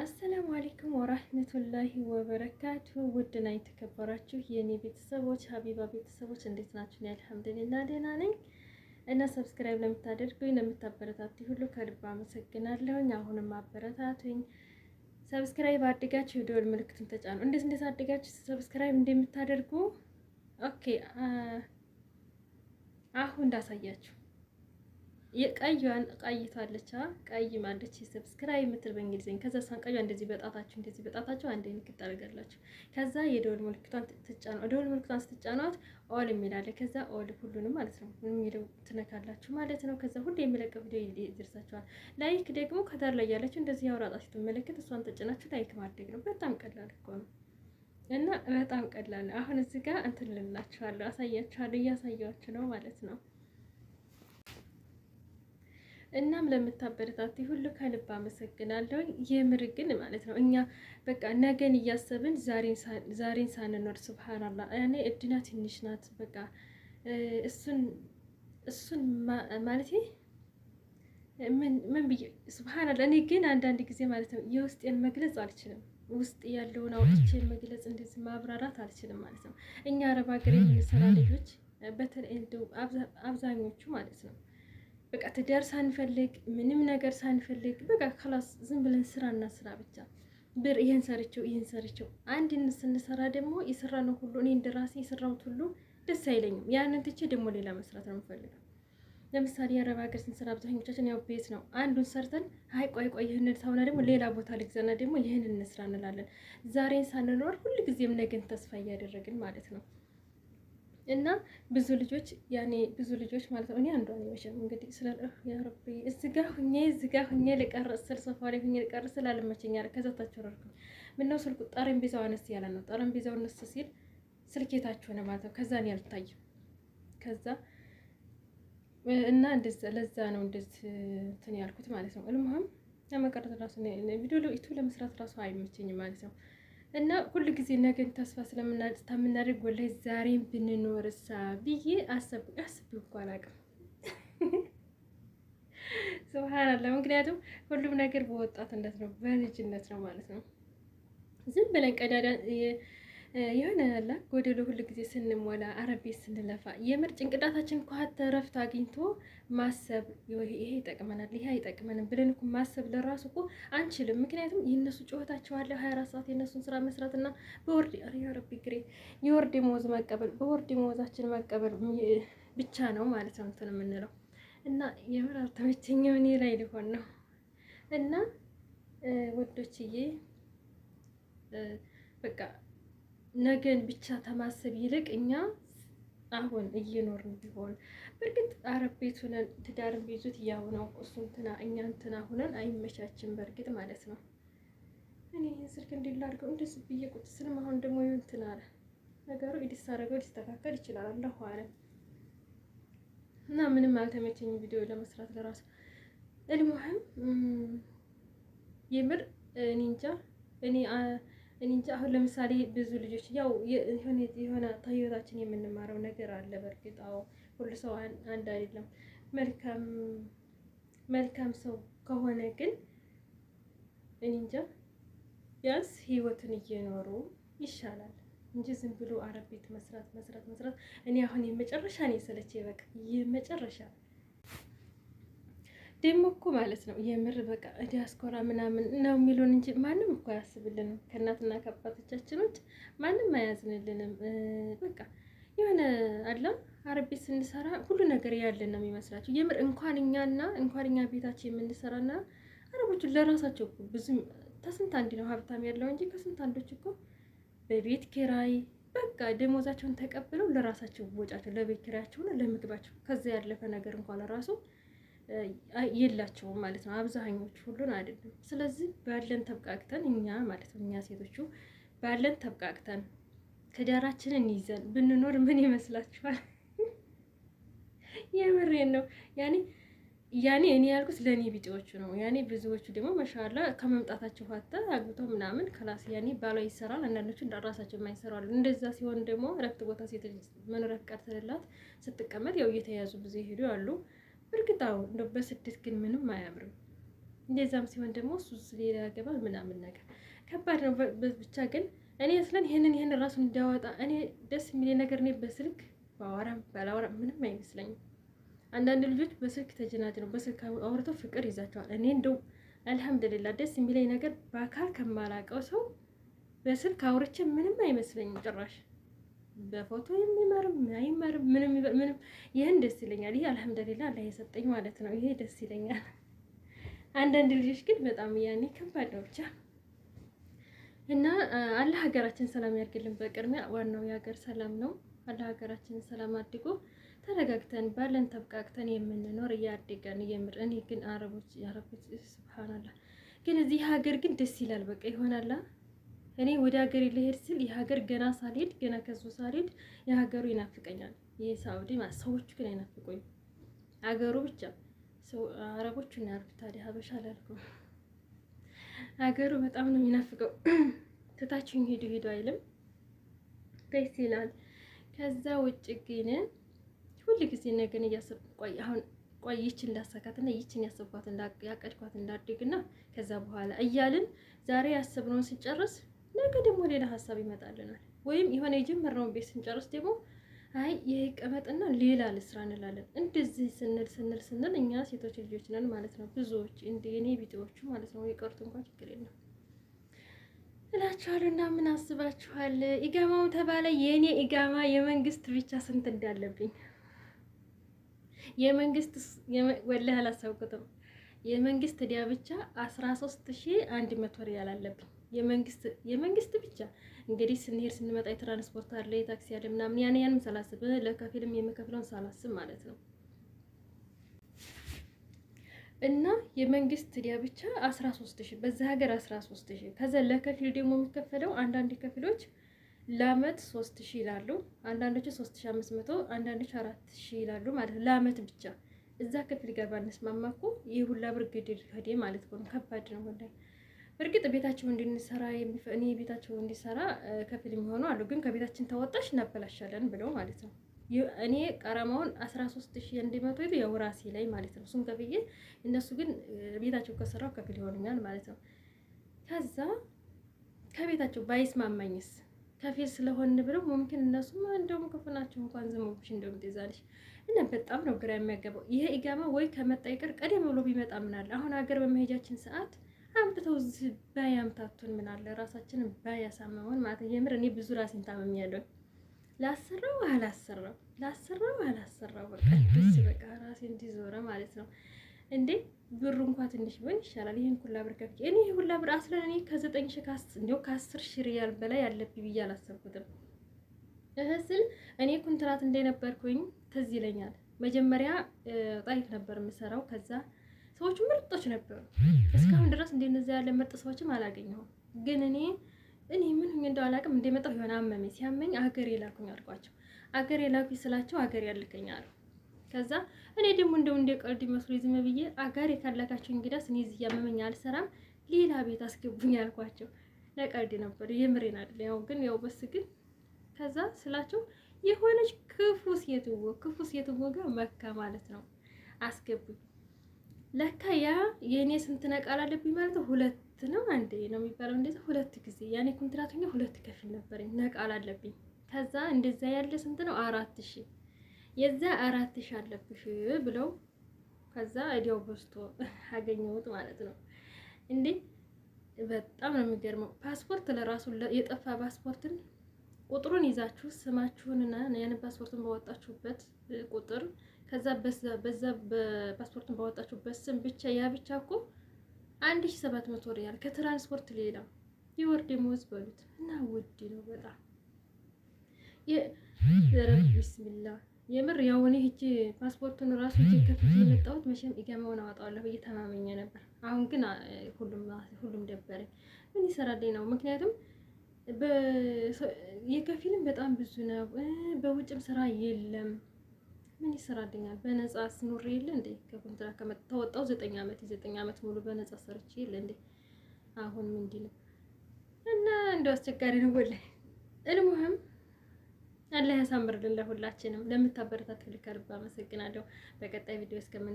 አሰላሙ አሌይኩም ወራህመቱላሂ ወበረካቱ። ውድና የተከበራችሁ የእኔ ቤተሰቦች ሀቢባ ቤተሰቦች እንዴት ናችሁ? አልሐምዱሊላ ደህና ነኝ እና ሰብስክራይብ ለምታደርጉኝ ለምታበረታቱ ሁሉ ከልብ አመሰግናለሁኝ። አሁንም አበረታቱኝ። ሰብስክራይብ አድጋችሁ የደወል ምልክቱን ተጫኑ። እንዴት እንዴት አድጋችሁ ሰብስክራይብ እንደምታደርጉ ኦኬ፣ አሁን እንዳሳያችሁ የቀዩን ቀይታለች ቀይ ማለች ሰብስክራይብ ምትል በእንግሊዝኛ። ከዛ ሳን ቀዩ እንደዚህ በጣታችሁ እንደዚህ በጣታችሁ አንድ ምልክት ታደርጋላችሁ። ከዛ የደወል ምልክቷን ትጫኑ። ደወል ምልክቷን ስትጫኗት ኦል የሚላለ ከዛ ኦል ሁሉንም ማለት ነው የሚለው ትነካላችሁ ማለት ነው። ከዛ ሁሉ የሚለቀው ቪዲዮ ይደርሳችኋል። ላይክ ደግሞ ከታር ላይ ያለችው እንደዚህ ያውራጣችሁ ስትመለከት እሷን ተጭናችሁ ላይክ ማድረግ ነው። በጣም ቀላል እኮ ነው። እና በጣም ቀላል አሁን እዚህ ጋር እንትን ልላችኋለሁ፣ አሳያችኋለሁ፣ እያሳያችሁ ነው ማለት ነው። እናም ለምታበረታት ሁሉ ከልብ አመሰግናለሁ። የምር ግን ማለት ነው እኛ በቃ ነገን እያሰብን ዛሬን ሳንኖር ስብሃናላ። እኔ እድና ትንሽ ናት። በቃ እሱን እሱን ማለት ምን ብዬ እኔ ግን አንዳንድ ጊዜ ማለት ነው የውስጤን መግለጽ አልችልም። ውስጥ ያለውን አውጥቼ መግለጽ እንደዚህ ማብራራት አልችልም ማለት ነው። እኛ አረብ ሀገር የምንሰራ ልጆች በተለይ አብዛኞቹ ማለት ነው በቃ ትዳር ሳንፈልግ ምንም ነገር ሳንፈልግ በቃ ከላስ ዝም ብለን ስራ ስራ ብቻ ብር ይህን ሰርቸው ይህን ሰርቸው አንድ ስንሰራ ደግሞ የሰራነው ሁሉ እኔ እንደራሴ የሰራሁት ሁሉ ደስ አይለኝም። ያንን ትቼ ደግሞ ሌላ መስራት ነው የምፈልገው። ለምሳሌ የአረብ ሀገር ስንሰራ አብዛኞቻችን ያው ቤት ነው አንዱን ሰርተን ሀይ ቆይ ቆይ ይህንን ሳሆነ ደግሞ ሌላ ቦታ ልግዛና ደግሞ ይህን እንስራ እንላለን። ዛሬን ሳንኖር ሁልጊዜም ነገን ተስፋ እያደረግን ማለት ነው። እና ብዙ ልጆች ያኔ ብዙ ልጆች ማለት ነው። እኔ አንዷ ነኝ መቼም እንግዲህ ስለ ያ ረቢ እዚህ ሁኜ እዚጋ ጋር ሁኜ ልቀርጽ ስል ሶፋ ላይ ሁኜ ልቀርጽ ስል አልመቸኝ አለ። ከዛ ታች ወረድኩኝ። ምነው ስልኩ ጠረጴዛው አነስ ያለ ነው። ጠረጴዛው አነስ ሲል ስልኬታችሁ ሆነ ማለት ነው። ከዛ እኔ አልታይም። ከዛ እና እንደዚያ ለዛ ነው እንደዚህ እንትን ያልኩት ማለት ነው። እልምሃም ለመቀረጽ ራሱ ቪዲዮ ለይቱ ለመስራት ራሱ አይመቸኝም ማለት ነው። እና ሁሉ ጊዜ ነገን ተስፋ ስለምናደርግ ወላሂ ዛሬን ብንኖርሳ ብዬ አሰብ አስብ እንኳን አቅም ስብሓንላ። ምክንያቱም ሁሉም ነገር በወጣትነት ነው በልጅነት ነው ማለት ነው። ዝም ብለን ቀዳዳ የሆነ ያለ ጎደሎ ሁሉ ጊዜ ስንሞላ አረቤት ስንለፋ የምር ጭንቅላታችን ኳተ ረፍት አግኝቶ ማሰብ ይሄ ይጠቅመናል፣ ይሄ አይጠቅመንም ብለን እኮ ማሰብ ለራሱ እኮ አንችልም። ምክንያቱም የእነሱ ጩኸታቸው አለ ሀያ አራት ሰዓት የእነሱን ስራ መስራት እና በወር ረቢ ግሬ የወር ደመወዝ መቀበል በወርድ ደመወዛችን መቀበል ብቻ ነው ማለት ነው እንትን የምንለው እና የምር አልተመቸኝም። እኔ ላይ ሊሆን ነው እና ወዶችዬ በቃ ነገን ብቻ ተማሰብ ይልቅ እኛ አሁን እየኖርን ቢሆን በእርግጥ አረብ ቤት ሁነን ትዳርን ቢይዙት እያው ነው እሱ እንትና እኛ እንትና ሁነን አይመቻችን በእርግጥ ማለት ነው። እኔ ይህን ስልክ እንዲላርገው እንደዚህ ብዬ ቁጭ ስልም አሁን ደግሞ እንትን አለ ነገሩ ኢዲስ አደረገው ሊስተካከል ይችላል አላሁ አለ እና ምንም አልተመቸኝ ቪዲዮ ለመስራት ለራሱ እልሙህም የምር እኔ እንጃ እኔ እኔ እንጃ አሁን ለምሳሌ ብዙ ልጆች ያው የሆነ የሆነ ታዮታችን የምንማረው ነገር አለ። በእርግጥ አዎ ሁሉ ሰው አንድ አይደለም። መልካም መልካም ሰው ከሆነ ግን እኔ እንጃ ቢያንስ ህይወትን እየኖሩ ይሻላል እንጂ ዝም ብሎ አረብ ቤት መስራት መስራት መስራት እኔ አሁን የመጨረሻ ነው የሰለቼ በቃ የመጨረሻ ደግሞ እኮ ማለት ነው የምር በቃ ዲያስፖራ ምናምን ነው የሚሉን እንጂ ማንም እኮ አያስብልንም። ከእናትና ከአባቶቻችን ውጭ ማንም አያዝንልንም። በቃ የሆነ አለም አረቤ ስንሰራ ሁሉ ነገር ያለን ነው የሚመስላቸው። የምር እንኳን እኛና እንኳን እኛ ቤታችን የምንሰራና አረቦቹ ለራሳቸው ብዙ ተስንት አንድ ነው ሀብታም ያለው እንጂ ከስንት አንዶች እኮ በቤት ኪራይ በቃ ደሞዛቸውን ተቀብለው ለራሳቸው ወጫቸው ለቤት ኪራያቸውና ለምግባቸው ከዚያ ያለፈ ነገር እንኳን ራሱ የላቸውም ማለት ነው። አብዛኞቹ ሁሉን አይደለም። ስለዚህ ባለን ተብቃቅተን እኛ ማለት ነው እኛ ሴቶቹ ባለን ተብቃቅተን ትዳራችንን ይዘን ብንኖር ምን ይመስላችኋል? የምሬን ነው ያኔ ያኔ እኔ ያልኩት ለእኔ ቢጤዎቹ ነው። ያኔ ብዙዎቹ ደግሞ መሻላ ከመምጣታቸው ፋተ አግብቶ ምናምን ከላስ ያኔ ባሏ ይሰራል፣ አንዳንዶቹ እንዳራሳቸው የማይሰራሉ። እንደዛ ሲሆን ደግሞ እረፍት ቦታ ሴት መኖሪያ ፍቃድ ስለላት ስትቀመጥ ያው እየተያዙ ብዙ ይሄዱ አሉ። እርግጣው እንደ በስደት ግን ምንም አያምርም። እንደዛም ሲሆን ደግሞ እሱ ሌላ ያገባል ምናምን ነገር ከባድ ነው። ብቻ ግን እኔ ስለን ይህንን ይህን ራሱ እንዲያወጣ እኔ ደስ የሚለኝ ነገር እኔ በስልክ ባወራም ባላወራም ምንም አይመስለኝም። አንዳንድ ልጆች በስልክ ተጀናጅ ነው በስልክ አውርተው ፍቅር ይዛቸዋል። እኔ እንደው አልሐምድልላ ደስ የሚለኝ ነገር በአካል ከማላቀው ሰው በስልክ አውርቼ ምንም አይመስለኝም ጭራሽ በፎቶ የሚመርም አይመርም ምንም ምንም፣ ይህን ደስ ይለኛል። ይሄ አልሐምዱሊላ አላህ የሰጠኝ ማለት ነው። ይሄ ደስ ይለኛል። አንዳንድ ልጆች ግን በጣም ያኔ ከባድ ነው ብቻ እና አላህ ሀገራችን ሰላም ያድርግልን። በቅድሚያ ዋናው የሀገር ሰላም ነው። አላህ ሀገራችን ሰላም አድርጎ ተረጋግተን ባለን ተብቃቅተን የምንኖር እያደገን የምር እኔ ግን አረቦች አረቦች ስብሓናላ ግን እዚህ ሀገር ግን ደስ ይላል። በቃ ይሆናላ እኔ ወደ ሀገር ልሄድ ስል የሀገር ገና ሳልሄድ ገና ከሱ ሳልሄድ የሀገሩ ይናፍቀኛል። የሳዑዲ ሰዎቹ ግን አይናፍቁኝ፣ ሀገሩ ብቻ። አረቦቹ ነው ያልኩት፣ ታዲያ ሀበሻ አላልኩም። ሀገሩ በጣም ነው የሚናፍቀው። ትታችሁኝ ሄዱ ሄዱ አይልም፣ ደስ ይላል። ከዛ ውጭ ግን ሁሉ ጊዜ ነገን እያሰብኩ ቆይ አሁን ቆይ ይችን እንዳሳካትና ይችን ያሰብኳት ያቀድኳት እንዳድግና ከዛ በኋላ እያልን ዛሬ ያሰብነውን ስጨርስ ነገ ደግሞ ሌላ ሀሳብ ይመጣልናል። ወይም የሆነ የጀመርነውን ቤት ስንጨርስ ደግሞ አይ የቀመጥና ሌላ ልስራ እንላለን። እንደዚህ ስንል ስንል ስንል እኛ ሴቶች ልጆች ነን ማለት ነው። ብዙዎች እንደ እኔ ቢጤዎቹ ማለት ነው። የቀሩት እንኳን ችግር የለም እላችኋለሁ። እና ምን አስባችኋል? ኢጋማው ተባለ የእኔ ኢጋማ የመንግስት ብቻ ስንት እንዳለብኝ የመንግስት ወላሂ አላሳውቅም። የመንግስት ዲያ ብቻ አስራ ሶስት ሺህ አንድ መቶ ሪያል አለብኝ። የመንግስት የመንግስት ብቻ እንግዲህ ስንሄድ ስንመጣ የትራንስፖርት አለ የታክሲ አለ ምናምን ያን ያንም ሳላስብ ለከፊልም የምከፍለውን ሳላስብ ማለት ነው። እና የመንግስት ዲያ ብቻ 13000 በዛ ሀገር 13000 ከዛ ለከፊል ደግሞ የሚከፈለው አንዳንድ ከፊሎች ለአመት 3000 ይላሉ፣ አንዳንዶቹ 3500 4 4000 ይላሉ ማለት ነው። ለአመት ብቻ እዛ ከፊል ጋር ባነስማማ እኮ ይህ ሁላ ብር ግድል ከዴ ማለት ነው። ከባድ ነው ወላሂ። እርግጥ ቤታቸው እንድንሰራ እኔ ቤታቸው እንዲሰራ ከፊል የሚሆኑ አሉ። ግን ከቤታችን ተወጣሽ እናበላሻለን ብለው ማለት ነው። እኔ ቀረማውን 13 ሺህ እንዲመቶ ያው ላይ ማለት ነው እሱን ከፍዬ፣ እነሱ ግን ቤታቸው ከሰራው ከፊል ይሆኑኛል ማለት ነው። ከዛ ከቤታቸው ባይስማማኝስ ከፊል ስለሆን ብለው ሙምኪን እነሱ እንደውም ክፉ ናቸው። እንኳን ዝሙብሽ እንደውም ትይዛለሽ እና በጣም ነው ግራ የሚያገባው ይሄ ኢጋማ ወይ ከመጣ ይቅር ቀደም ብሎ ቢመጣ ምናለ አሁን ሀገር በመሄጃችን ሰዓት አምጥተው እዚህ ባያምታቱን አለ ራሳችን ባያሳመሙን ማለት የምር እኔ ብዙ ራሴን ያለው ላሰራው አላሰራው ላሰራው አላሰራው በቃ ደስ በቃ ራሴ እንዲዞረ ማለት ነው። እንዴ ብሩ እንኳ ትንሽ ቢሆን ይሻላል። ይህን ሁላ ብር ከፍ እኔ ይህ ሁላ ብር አስለን እኔ ከዘጠኝ ሺ እንዲያው ከአስር ሺ ሪያል በላይ ያለብኝ ብዬ አላሰብኩትም። እህስል እኔ ኩንትራት እንደነበርኩኝ ትዝ ይለኛል። መጀመሪያ ጣይፍ ነበር የምሰራው ከዛ ሰዎች ምርጦች ነበሩ። እስካሁን ድረስ እንደነዚያ ያለ ምርጥ ሰዎችም አላገኘሁም። ግን እኔ እኔ ምን ሁኝ እንደው አላውቅም እንደመጣሁ የሆነ አመመኝ። ሲያመኝ አገሬ ላኩኝ አልኳቸው። አገሬ ላኩኝ ስላቸው አገሬ ያልከኝ አሉ። ከዛ እኔ ደግሞ እንደው እንደ ቀልድ መስሎ ዝም ብዬ አገሬ ካላካቸው እንግዳስ እኔ እዚህ እያመመኝ አልሰራም፣ ሌላ ቤት አስገቡኝ አልኳቸው። ለቀልድ ነበር የምሬን አይደል? ያው ግን ያው በስ ግን ከዛ ስላቸው የሆነች ክፉ ሴትዎ ክፉ ሴትዎ ጋር መካ ማለት ነው አስገቡኝ ለካ ያ የእኔ ስንት ነቃል አለብኝ ማለት ነው። ሁለት ነው አንዴ ነው የሚባለው እንደ ሁለት ጊዜ ያኔ ኮንትራተኛ ሁለት ከፊል ነበረኝ ነቃል አለብኝ። ከዛ እንደዛ ያለ ስንት ነው አራት ሺ የዛ አራት ሺ አለብሽ ብለው ከዛ እዲያው በስቶ አገኘሁት ማለት ነው እንዴ በጣም ነው የሚገርመው። ፓስፖርት ለራሱ የጠፋ ፓስፖርትን ቁጥሩን ይዛችሁ ስማችሁንና ያን ፓስፖርትን ባወጣችሁበት ቁጥር ከዛ በዛ በፓስፖርቱን ባወጣችሁበት ስም ብቻ ያ ብቻ እኮ አንድ ሺ ሰባት መቶ ሪያል ከትራንስፖርት ሌላ የወር ደመወዝ በሉት እና ውድ ነው በጣም የረብ ቢስሚላ የምር ያው እኔ ይህቺ ፓስፖርቱን ራሱ እ ከፊት የመጣሁት መቼም ኢገማውን አወጣዋለሁ እየተማመኘ ነበር። አሁን ግን ሁሉም ደበረኝ። ምን ይሰራልኝ ነው? ምክንያቱም የከፊልም በጣም ብዙ ነው። በውጭም ስራ የለም። ምን ይሰራልኛል? በነፃ ስኖር የለ እንዴ? ከኮንትራት ከመጣ ተወጣው ዘጠኝ ዓመት የዘጠኝ ዓመት ሙሉ በነፃ ሰርቼ የለ እንዴ? አሁን ምንድን ነው እና እንደው አስቸጋሪ ነው ወላሂ። እልሙህም አላህ ያሳምርልን ለሁላችንም። ለምታበረታት ልከልብ አመሰግናለሁ። በቀጣይ ቪዲዮ እስከምን